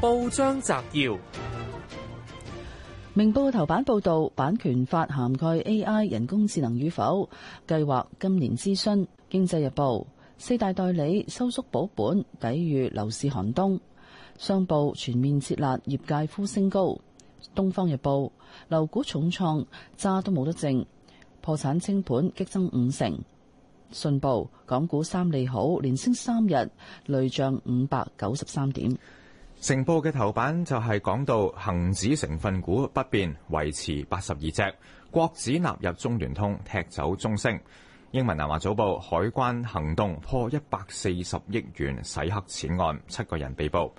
報章摘要：明報頭版報道，版權法涵蓋 AI 人工智能與否？計劃今年諮詢。經濟日報四大代理收縮保本，抵御樓市寒冬。商報全面設立業界呼聲高。東方日報樓股重創，渣都冇得剩，破產清盤激增五成。信報港股三利好，連升三日，累漲五百九十三點。成報嘅頭版就係講到恒指成分股不變，維持八十二隻；國指納入中聯通，踢走中升。英文南華早報，海關行動破一百四十億元洗黑錢案，七個人被捕。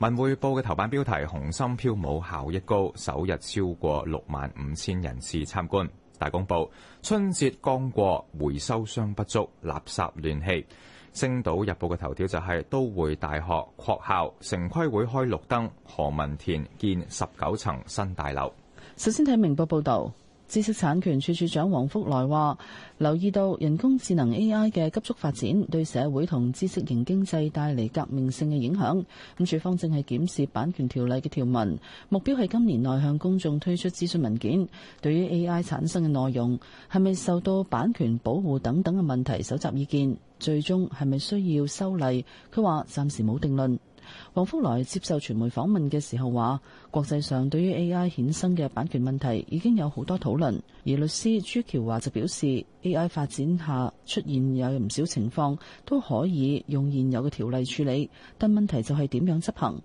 文匯報嘅頭版標題：紅心飄舞效益高，首日超過六萬五千人次參觀。大公報春節剛過，回收商不足，垃圾亂棄。」星島日報嘅頭條就係、是、都會大學擴校，城規會開綠燈，何文田建十九層新大樓。首先睇明報報道。知識產權處處長黃福來話：留意到人工智能 A.I. 嘅急速發展，對社會同知識型經濟帶嚟革命性嘅影響。咁，署方正係檢視版權條例嘅條文，目標係今年內向公眾推出諮詢文件，對於 A.I. 產生嘅內容係咪受到版權保護等等嘅問題，搜集意見，最終係咪需要修例？佢話暫時冇定論。黃福來接受傳媒訪問嘅時候話，國際上對於 A.I. 衍生嘅版權問題已經有好多討論。而律師朱橋華就表示，A.I. 發展下出現有唔少情況都可以用現有嘅條例處理，但問題就係點樣執行？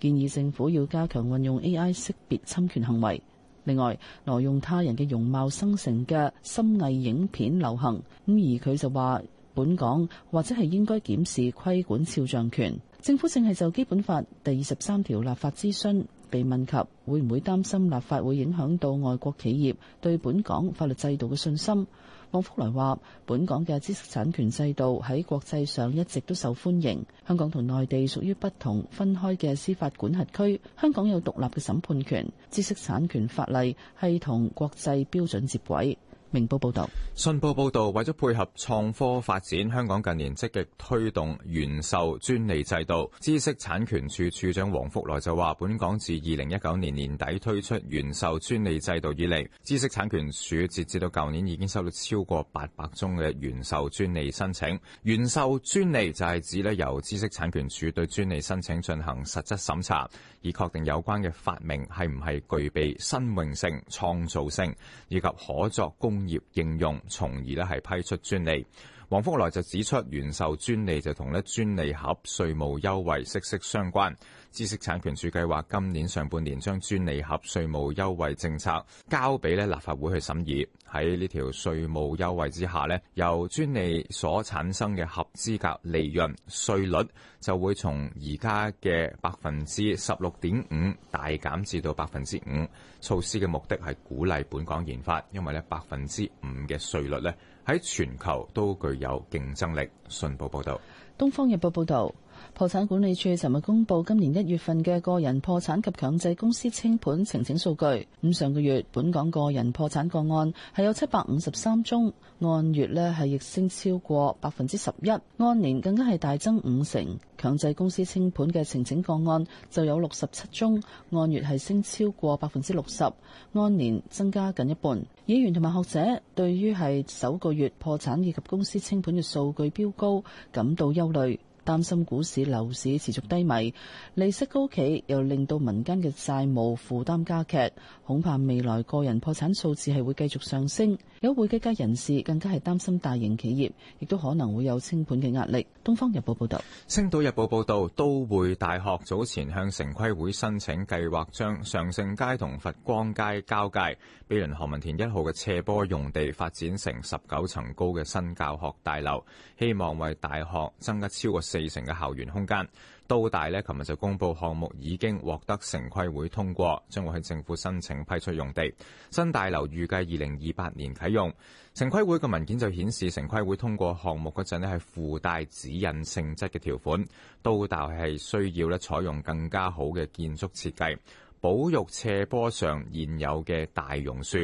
建議政府要加強運用 A.I. 識別侵權行為。另外，挪用他人嘅容貌生成嘅深藝影片流行咁，而佢就話本港或者係應該檢視規管肖像權。政府正係就《基本法》第二十三條立法諮詢，被問及會唔會擔心立法會影響到外國企業對本港法律制度嘅信心。王福來話：本港嘅知識產權制度喺國際上一直都受歡迎。香港同內地屬於不同分開嘅司法管轄區，香港有獨立嘅審判權，知識產權法例係同國際標準接軌。明報報道，信報報道：為咗配合創科發展，香港近年積極推動原授專利制度。知識產權署署長黃福來就話，本港自二零一九年年底推出原授專利制度以嚟，知識產權署截至到舊年已經收到超過八百宗嘅原授專利申請。原授專利就係指咧由知識產權署對專利申請進行實質審查，以確定有關嘅發明係唔係具備新穎性、創造性以及可作公業應用，從而咧係批出專利。黃福來就指出，原售專利就同咧專利盒稅務優惠息息相關。知識產權署計劃今年上半年將專利盒稅務優惠政策交俾咧立法會去審議。喺呢條稅務優惠之下呢，由專利所產生嘅合資格利潤稅率就會從而家嘅百分之十六點五大減至到百分之五。措施嘅目的係鼓勵本港研發，因為咧百分之五嘅稅率咧喺全球都具有競爭力。信報報道：東方日報報道。破產管理處尋日公布今年一月份嘅個人破產及強制公司清盤呈請數據。咁上個月本港個人破產個案係有七百五十三宗，按月呢係逆升超過百分之十一，按年更加係大增五成。強制公司清盤嘅呈請個案就有六十七宗，按月係升超過百分之六十，按年增加近一半。議員同埋學者對於係首個月破產以及公司清盤嘅數據飆高感到憂慮。擔心股市、樓市持續低迷，利息高企又令到民間嘅債務負擔加劇，恐怕未來個人破產數字係會繼續上升。有會計界人士更加係擔心大型企業亦都可能會有清盤嘅壓力。《東方日報》報道，星島日報報道，都會大學早前向城規會申請計劃將上勝街同佛光街交界、毗鄰何文田一號嘅斜坡用地發展成十九層高嘅新教學大樓，希望為大學增加超過。四成嘅校園空間，都大呢，琴日就公布項目已經獲得城規會通過，將會向政府申請批出用地。新大樓預計二零二八年啟用。城規會嘅文件就顯示，城規會通過項目嗰陣呢係附帶指引性質嘅條款，都大係需要咧採用更加好嘅建築設計，保育斜坡上現有嘅大榕樹。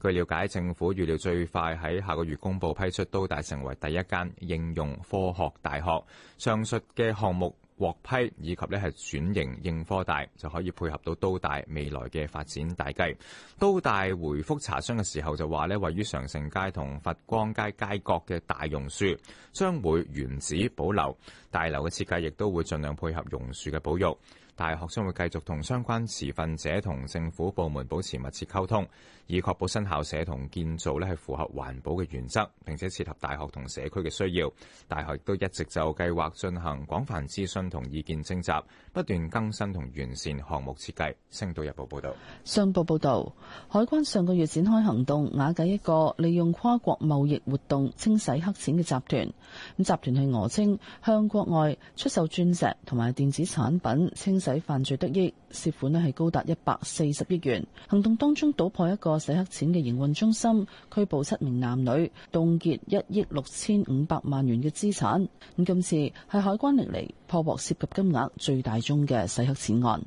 據了解，政府預料最快喺下個月公佈批出，都大成為第一間應用科學大學。上述嘅項目獲批，以及咧係轉型應科大，就可以配合到都大未來嘅發展大計。都大回覆查詢嘅時候就話咧，位於常盛街同佛光街街角嘅大榕樹將會原址保留，大樓嘅設計亦都會盡量配合榕樹嘅保育。大學將會繼續同相關持份者同政府部門保持密切溝通，以確保新校舍同建造呢係符合環保嘅原則，並且適合大學同社區嘅需要。大學亦都一直就計劃進行廣泛諮詢同意見徵集，不斷更新同完善項目設計。星島日報報道：「上報報道，海關上個月展開行動，瓦解一個利用跨國貿易活動清洗黑錢嘅集團。咁集團係俄稱向國外出售鑽石同埋電子產品清洗。使犯罪得益涉款呢，係高達一百四十億元。行動當中搗破一個洗黑錢嘅營運中心，拘捕七名男女，凍結一億六千五百萬元嘅資產。咁今次係海關歷嚟破獲涉及金額最大宗嘅洗黑錢案。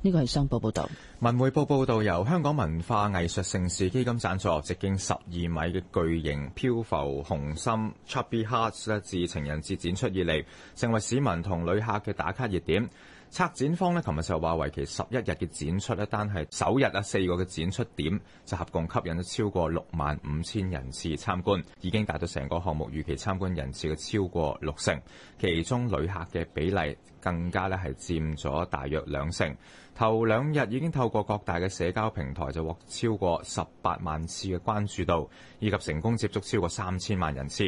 呢個係商報報道。文匯報報道，由香港文化藝術盛事基金贊助，直徑十二米嘅巨型漂浮紅心 Chubby Hearts 自情人節展出以嚟，成為市民同旅客嘅打卡熱點。策展方咧，琴日就話，為期十一日嘅展出呢單係首日啊，四個嘅展出點就合共吸引咗超過六萬五千人次參觀，已經達到成個項目預期參觀人次嘅超過六成，其中旅客嘅比例更加咧係佔咗大約兩成。頭兩日已經透過各大嘅社交平台就獲超過十八萬次嘅關注度，以及成功接觸超過三千萬人次。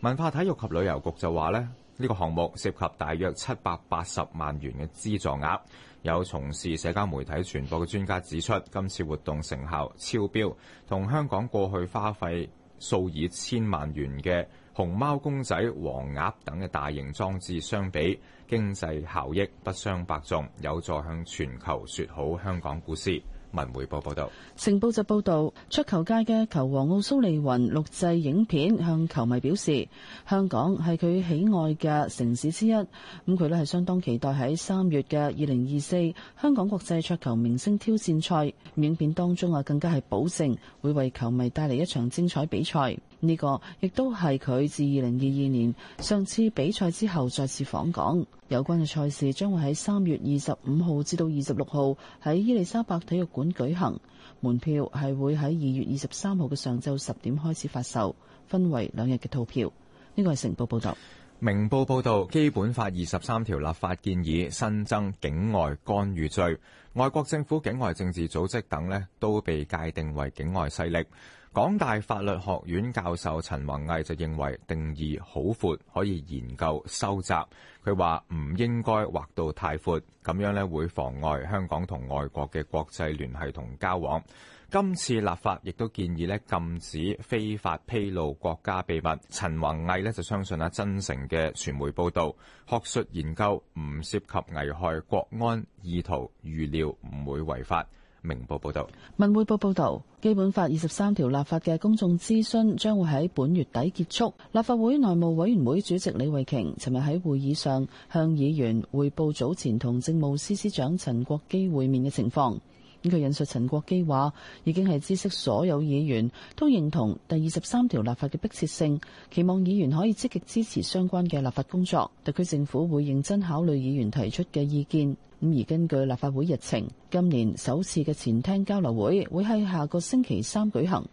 文化體育及旅遊局就話咧。呢個項目涉及大約七百八十萬元嘅資助額，有從事社交媒體傳播嘅專家指出，今次活動成效超標，同香港過去花費數以千萬元嘅熊貓公仔、黃鴨等嘅大型裝置相比，經濟效益不相伯仲，有助向全球說好香港故事。文匯報報道，成報就報道，桌球界嘅球王奧蘇利雲錄製影片向球迷表示，香港係佢喜愛嘅城市之一。咁佢咧係相當期待喺三月嘅二零二四香港國際桌球明星挑戰賽。影片當中啊，更加係保證會為球迷帶嚟一場精彩比賽。呢個亦都係佢自二零二二年上次比賽之後再次訪港。有關嘅賽事將會喺三月二十五號至到二十六號喺伊利沙伯體育館舉行，門票係會喺二月二十三號嘅上晝十點開始發售，分為兩日嘅套票。呢、這個係成報報道。明報報導，《基本法》二十三條立法建議新增境外干預罪，外國政府、境外政治組織等呢都被界定為境外勢力。港大法律學院教授陳弘毅就認為，定義好闊，可以研究收窄。佢話唔應該劃到太闊，咁樣呢會妨礙香港同外國嘅國際聯繫同交往。今次立法亦都建議呢禁止非法披露國家秘密。陳弘毅呢就相信啊，真誠嘅傳媒報導、學術研究唔涉及危害國安意圖，預料唔會違法。明報報道：「文匯報報道，基本法二十三條立法嘅公眾諮詢將會喺本月底結束。」立法會內務委員會主席李慧瓊尋日喺會議上向議員匯報早前同政務司司長陳國基會面嘅情況。咁佢引述陳國基話，已經係知悉所有議員都認同第二十三條立法嘅迫切性，期望議員可以積極支持相關嘅立法工作。特區政府會認真考慮議員提出嘅意見。咁而根據立法會日程，今年首次嘅前廳交流會會喺下個星期三舉行。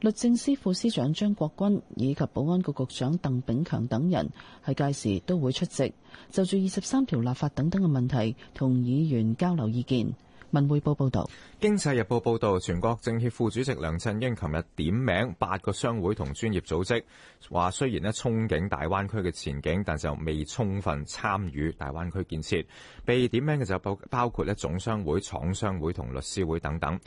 律政司副司長張國鈞以及保安局局長鄧炳強等人喺屆時都會出席，就住二十三條立法等等嘅問題同議員交流意見。文匯報報道，《經濟日報》報道，全國政協副主席梁振英琴日點名八個商會同專業組織，話雖然咧憧憬大灣區嘅前景，但就未充分參與大灣區建設。被點名嘅就包包括咧總商會、廠商會同律師會等等。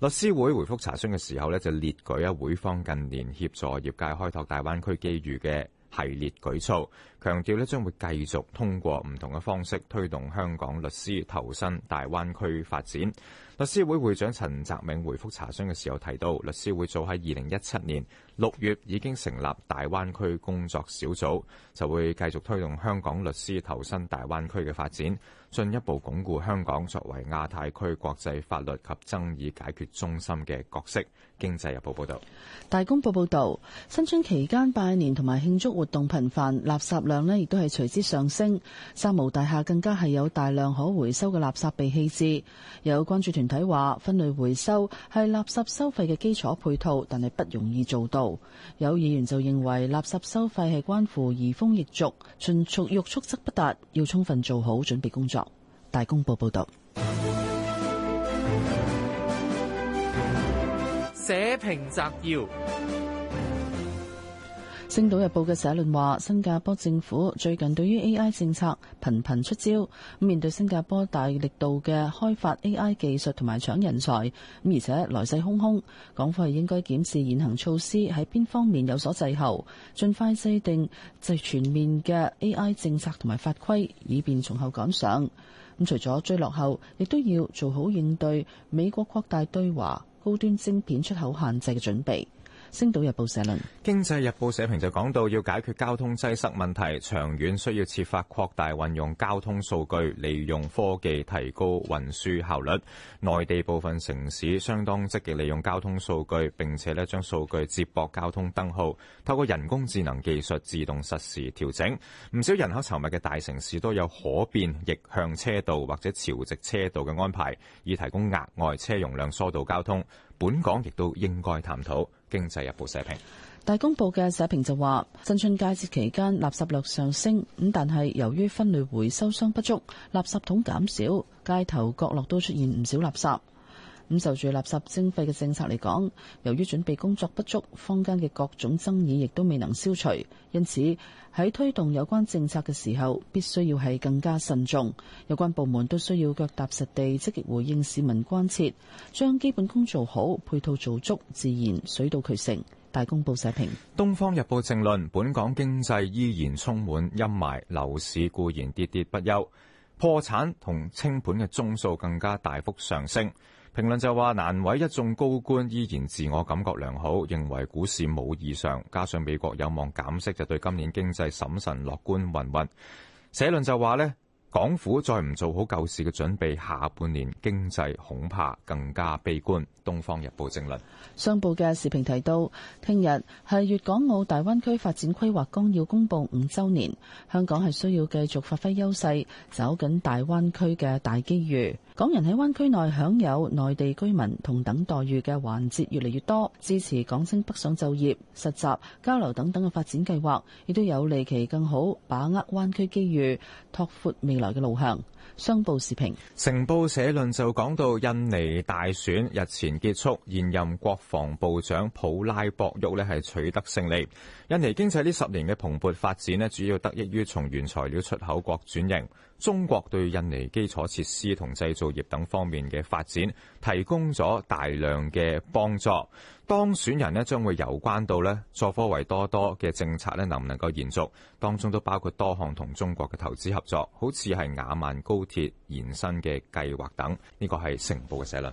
律師會回覆查詢嘅時候咧就列舉一會方近年協助業界開拓大灣區機遇嘅系列舉措。強調咧將會繼續通過唔同嘅方式推動香港律師投身大灣區發展。律師會會長陳澤銘回覆查詢嘅時候提到，律師會早喺二零一七年六月已經成立大灣區工作小組，就會繼續推動香港律師投身大灣區嘅發展，進一步鞏固香港作為亞太區國際法律及爭議解決中心嘅角色。經濟日報報導，大公報報導，新春期間拜年同埋慶祝活動頻繁，垃圾量，量呢亦都係隨之上升，三毛大廈更加係有大量可回收嘅垃圾被棄置。有關注團體話，分類回收係垃圾收費嘅基礎配套，但係不容易做到。有議員就認為，垃圾收費係關乎移風易俗，循序欲速則不達，要充分做好準備工作。大公報報道。社評摘要。《星島日報》嘅社論話：新加坡政府最近對於 AI 政策頻頻出招，面對新加坡大力度嘅開發 AI 技術同埋搶人才，而且來勢洶洶，港府係應該檢視現行措施喺邊方面有所滯後，盡快制定最全面嘅 AI 政策同埋法規，以便從後趕上。除咗追落後，亦都要做好應對美國擴大對華高端晶片出口限制嘅準備。星島日報社論，《經濟日報》社評就講到，要解決交通擠塞問題，長遠需要設法擴大運用交通數據，利用科技提高運輸效率。內地部分城市相當積極利用交通數據，並且咧將數據接駁交通燈號，透過人工智能技術自動實時調整。唔少人口稠密嘅大城市都有可變逆向車道或者潮汐車道嘅安排，以提供額外車容量，疏導交通。本港亦都應該探討經濟日報社評。大公報嘅社評就話：新春佳節期間垃圾量上升，咁但係由於分類回收箱不足，垃圾桶減少，街頭角落都出現唔少垃圾。咁就住垃圾徵費嘅政策嚟講，由於準備工作不足，坊間嘅各種爭議亦都未能消除，因此喺推動有關政策嘅時候，必須要係更加慎重。有關部門都需要腳踏實地，積極回應市民關切，將基本功做好，配套做足，自然水到渠成。大公報社評《東方日報政論》：本港經濟依然充滿陰霾，樓市固然跌跌不休，破產同清盤嘅宗數更加大幅上升。評論就話難為一眾高官依然自我感覺良好，認為股市冇異常，加上美國有望減息，就對今年經濟審慎樂觀云云。社論就話呢，港府再唔做好救市嘅準備，下半年經濟恐怕更加悲觀。東方日報正論、上報嘅視頻提到，聽日係粵港澳大灣區發展規劃綱要公布五周年，香港係需要繼續發揮優勢，走緊大灣區嘅大機遇。港人喺灣區內享有內地居民同等待遇嘅環節越嚟越多，支持港青北上就業實習交流等等嘅發展計劃亦都有利其更好把握灣區機遇，拓闊未來嘅路向，商報視評，成報社論就講到印尼大選日前結束，現任國防部長普拉博沃咧係取得勝利。印尼經濟呢十年嘅蓬勃發展主要得益於從原材料出口國轉型。中國對印尼基礎設施同製造業等方面嘅發展提供咗大量嘅幫助。當選人咧將會有關到咧佐科維多多嘅政策咧能唔能夠延續，當中都包括多項同中國嘅投資合作，好似係雅萬高鐵延伸嘅計劃等，呢、這個係成報嘅社論。